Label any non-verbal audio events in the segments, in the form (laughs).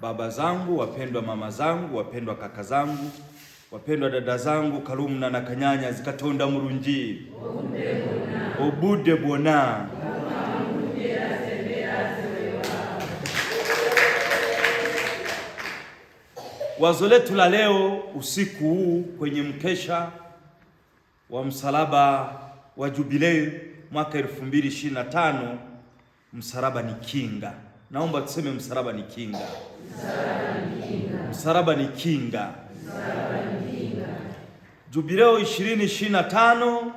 Baba zangu wapendwa, mama zangu wapendwa, kaka zangu wapendwa, dada zangu kalumna na kanyanya zikatonda murunji obude bona wazo letu la leo usiku huu kwenye mkesha wa msalaba wa jubilei mwaka 2025 msalaba ni kinga Naomba tuseme msalaba ni kinga, msalaba ni kinga. Jubileo ishirini ishirini na tano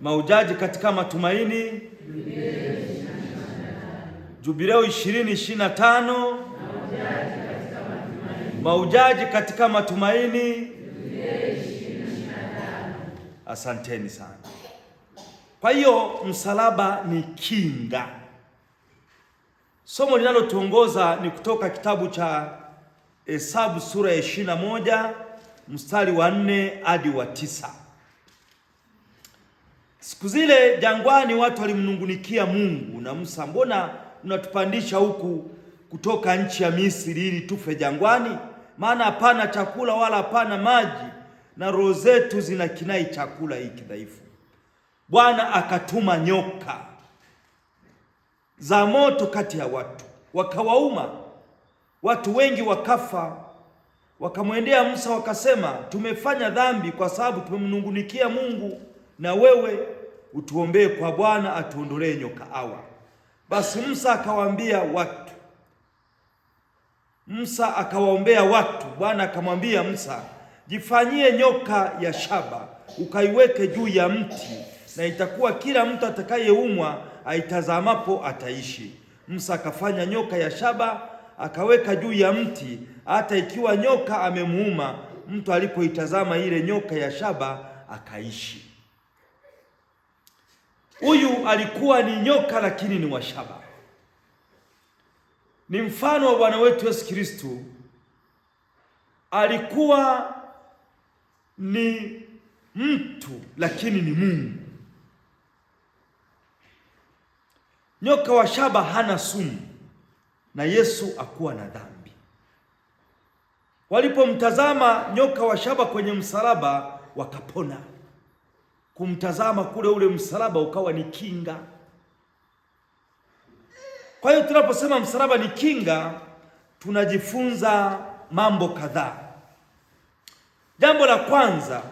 mahujaji katika matumaini. Jubileo ishirini ishirini na tano maujaji katika matumaini. Asanteni sana. Kwa hiyo msalaba ni kinga. Somo linalotuongoza ni kutoka kitabu cha Hesabu sura ya ishirini na moja mstari wa nne hadi wa tisa. Siku zile jangwani watu walimnungunikia Mungu na Musa, mbona unatupandisha huku kutoka nchi ya Misri ili tufe jangwani? Maana hapana chakula wala hapana maji, na roho zetu zinakinai chakula hiki dhaifu. Bwana akatuma nyoka za moto kati ya watu wakawauma, watu wengi wakafa. Wakamwendea Musa wakasema, tumefanya dhambi kwa sababu tumemnungunikia Mungu, na wewe utuombee kwa Bwana atuondolee nyoka hawa. Basi Musa akawaambia watu, Musa akawaombea watu. Bwana akamwambia Musa, jifanyie nyoka ya shaba ukaiweke juu ya mti na itakuwa kila mtu atakayeumwa aitazamapo ataishi. Musa akafanya nyoka ya shaba akaweka juu ya mti, hata ikiwa nyoka amemuuma mtu, alipoitazama ile nyoka ya shaba akaishi. Huyu alikuwa ni nyoka, lakini ni wa shaba. Ni mfano wa Bwana wetu Yesu Kristo, alikuwa ni mtu lakini ni Mungu. Nyoka wa shaba hana sumu, na Yesu akuwa na dhambi. Walipomtazama nyoka wa shaba kwenye msalaba, wakapona. Kumtazama kule ule msalaba ukawa ni kinga. Kwa hiyo tunaposema msalaba ni kinga, tunajifunza mambo kadhaa. Jambo la kwanza,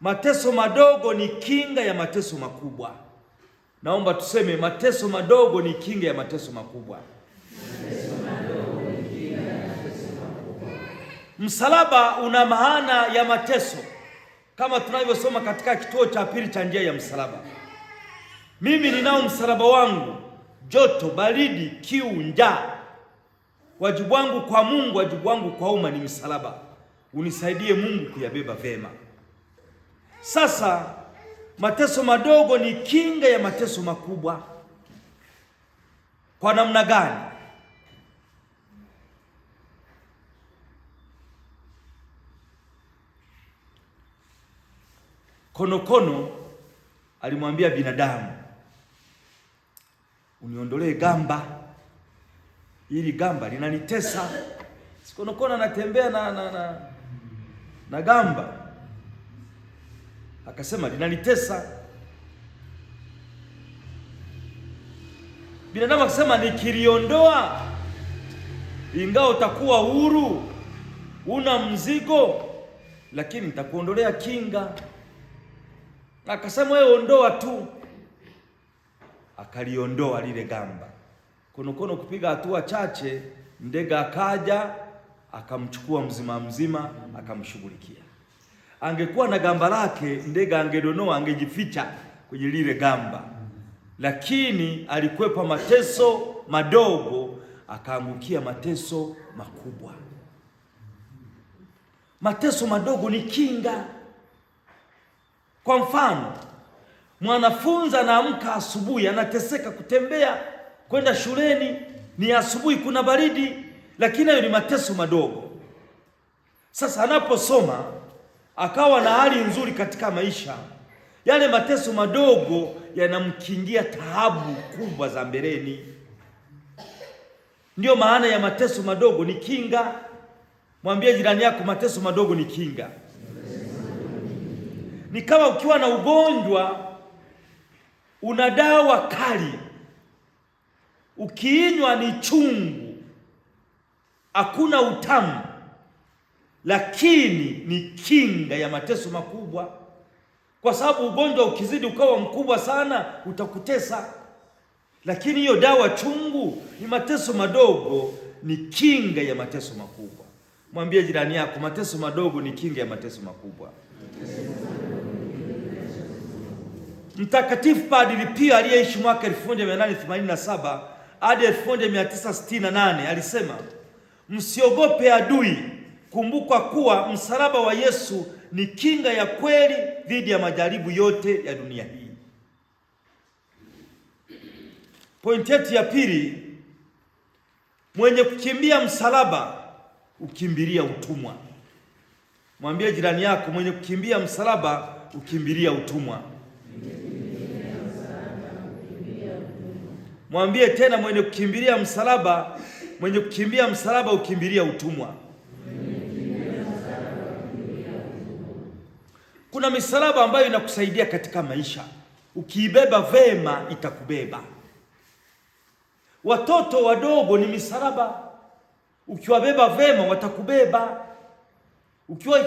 mateso madogo ni kinga ya mateso makubwa. Naomba tuseme mateso madogo ni kinga ya mateso makubwa. Msalaba una maana ya mateso kama tunavyosoma katika kituo cha pili cha njia ya msalaba. Mimi ninao msalaba wangu, joto, baridi, kiu, njaa. Wajibu wangu kwa Mungu, wajibu wangu kwa umma ni msalaba. Unisaidie Mungu kuyabeba vema. Sasa mateso madogo ni kinga ya mateso makubwa. Kwa namna gani? Konokono alimwambia binadamu, uniondolee gamba, ili gamba linanitesa. Sikonokono anatembea na, na, na, na gamba akasema linanitesa. Binadamu akasema nikiliondoa, ingawa utakuwa huru, una mzigo, lakini nitakuondolea kinga. Akasema wewe ondoa tu, akaliondoa lile gamba konokono. Kupiga hatua chache, ndege akaja akamchukua mzima mzima, akamshughulikia angekuwa na gamba lake, ndege angedonoa, angejificha kwenye lile gamba, lakini alikwepa mateso madogo, akaangukia mateso makubwa. Mateso madogo ni kinga. Kwa mfano, mwanafunzi anaamka asubuhi, anateseka kutembea kwenda shuleni, ni asubuhi, kuna baridi, lakini hayo ni mateso madogo. Sasa anaposoma akawa na hali nzuri katika maisha, yale mateso madogo yanamkingia taabu kubwa za mbeleni. Ndiyo maana ya mateso madogo ni kinga. Mwambie jirani yako, mateso madogo ni kinga. Ni kama ukiwa na ugonjwa una dawa kali, ukiinywa ni chungu, hakuna utamu lakini ni kinga ya mateso makubwa, kwa sababu ugonjwa ukizidi ukawa mkubwa sana utakutesa, lakini hiyo dawa chungu ni mateso madogo, ni kinga ya mateso makubwa. Mwambie jirani yako, mateso madogo ni kinga ya mateso makubwa. Mtakatifu Padri Pio aliyeishi mwaka 1887 hadi 1968 alisema, msiogope adui Kumbuka kuwa msalaba wa Yesu ni kinga ya kweli dhidi ya majaribu yote ya dunia hii. Pointi yetu ya pili, mwenye kukimbia msalaba ukimbilia utumwa. Mwambie jirani yako, mwenye kukimbia msalaba ukimbilia utumwa. Mwambie tena, mwenye kukimbilia msalaba, mwenye kukimbia msalaba ukimbilia utumwa. Kuna misalaba ambayo inakusaidia katika maisha, ukiibeba vema itakubeba. Watoto wadogo ni misalaba, ukiwabeba vema watakubeba. Ukiwa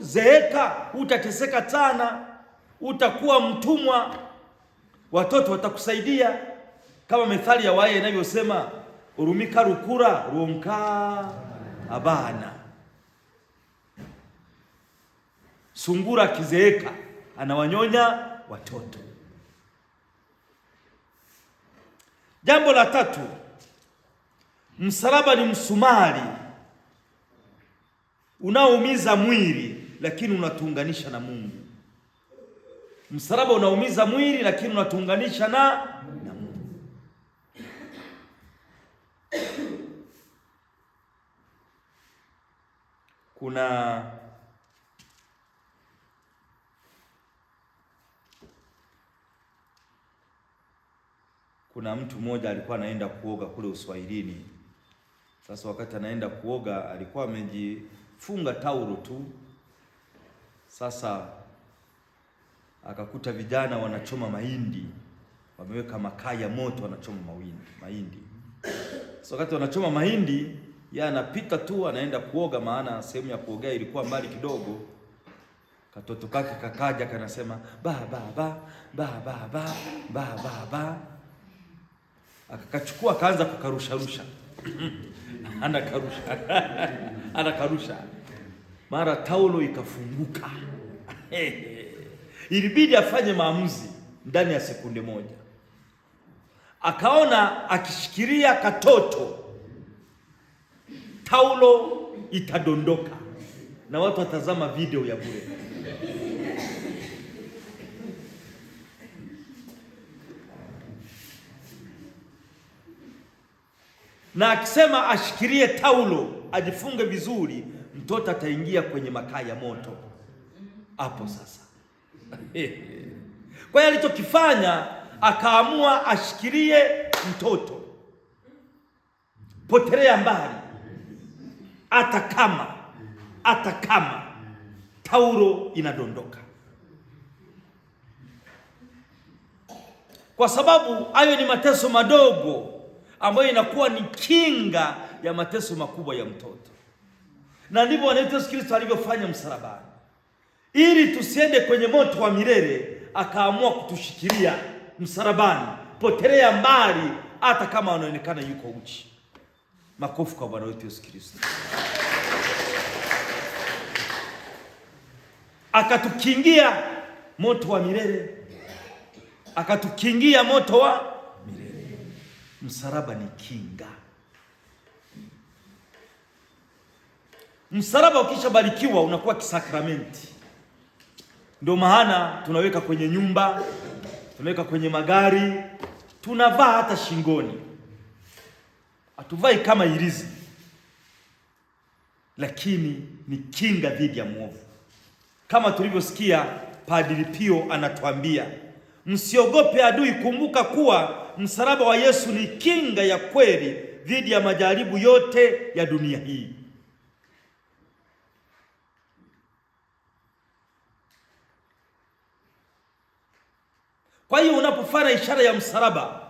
zeeka utateseka sana, utakuwa mtumwa. Watoto watakusaidia kama methali ya waye inavyosema, urumika rukura ruonka abana Sungura akizeeka anawanyonya watoto. Jambo la tatu, msalaba ni msumari unaoumiza mwili lakini unatuunganisha na Mungu. Msalaba unaumiza mwili lakini unatuunganisha na, na Mungu. Kuna kuna mtu mmoja alikuwa anaenda kuoga kule Uswahilini. Sasa wakati anaenda kuoga alikuwa amejifunga taulo tu. Sasa akakuta vijana wanachoma mahindi, wameweka makaa ya moto, wanachoma mawindi mahindi. Sasa wakati wanachoma mahindi, yeye anapita tu anaenda kuoga, maana sehemu ya kuogea ilikuwa mbali kidogo. Katoto kake kakaja kanasema ba ba ba ba ba ba ba ba akakachukua akaanza kukarusharusha (laughs) anakarusha (laughs) anakarusha, mara taulo ikafunguka. (laughs) Ilibidi afanye maamuzi ndani ya sekunde moja. Akaona akishikilia katoto taulo itadondoka na watu watazama video ya bure. na akisema ashikilie taulo ajifunge vizuri, mtoto ataingia kwenye makaa ya moto hapo sasa. (laughs) Kwa hiyo alichokifanya akaamua ashikilie mtoto, potelea mbali, hata kama hata kama taulo inadondoka, kwa sababu hayo ni mateso madogo ambayo inakuwa ni kinga ya mateso makubwa ya mtoto, na ndivyo Bwana Yesu Kristo alivyofanya msalabani, ili tusiende kwenye moto wa milele. Akaamua kutushikilia msalabani, potelea mbali, hata kama anaonekana yuko uchi. makofu kwa Bwana wetu Yesu Kristo. Akatukingia moto wa milele, akatukingia moto wa Msalaba ni kinga. Msalaba ukishabarikiwa unakuwa kisakramenti. Ndio maana tunaweka kwenye nyumba, tunaweka kwenye magari, tunavaa hata shingoni. Hatuvai kama ilizi, lakini ni kinga dhidi ya mwovu, kama tulivyosikia Padri Pio anatuambia Msiogope adui. Kumbuka kuwa msalaba wa Yesu ni kinga ya kweli dhidi ya majaribu yote ya dunia hii. Kwa hiyo unapofanya ishara ya msalaba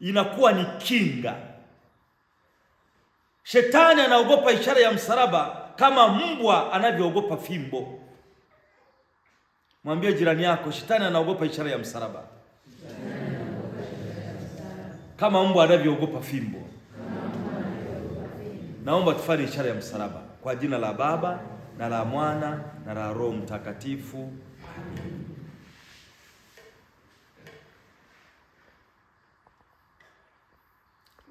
inakuwa ni kinga. Shetani anaogopa ishara ya msalaba kama mbwa anavyoogopa fimbo. Mwambie jirani yako, shetani anaogopa ishara ya msalaba kama mbwa anavyoogopa fimbo. Naomba tufanye ishara ya msalaba kwa jina la Baba na la Mwana na la Roho Mtakatifu.